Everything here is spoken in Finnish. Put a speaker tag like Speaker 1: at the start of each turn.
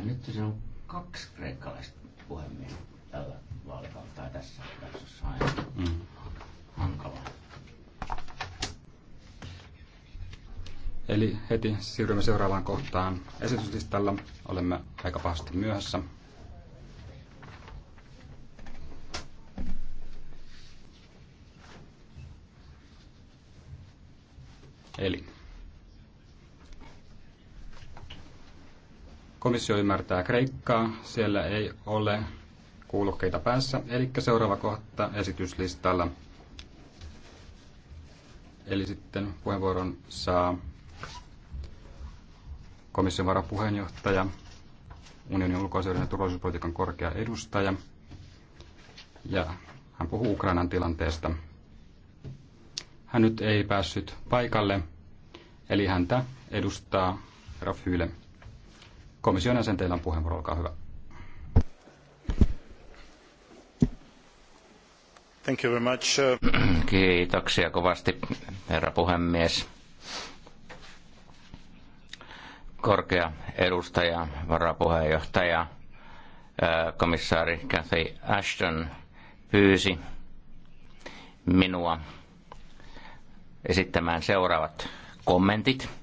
Speaker 1: Ja nyt se on kaksi kreikkalaista puhemiestä tällä vaalikaudella tai tässä jaksossa aina. Mm. Hankalaa.
Speaker 2: Eli heti siirrymme seuraavaan kohtaan esityslistalla. Olemme aika pahasti myöhässä. Eli Komissio ymmärtää Kreikkaa, siellä ei ole kuulokkeita päässä. Eli seuraava kohta esityslistalla. Eli sitten puheenvuoron saa komission varapuheenjohtaja, unionin ulkoasioiden ja turvallisuuspolitiikan korkea edustaja. Ja hän puhuu Ukrainan tilanteesta. Hän nyt ei päässyt paikalle, eli häntä edustaa Rafyle. Komission jäsen, teillä on puheenvuoro, olkaa hyvä.
Speaker 3: Thank you very much. Uh,
Speaker 4: Kiitoksia kovasti, herra puhemies. Korkea edustaja, varapuheenjohtaja, uh, komissaari Cathy Ashton pyysi minua esittämään seuraavat kommentit.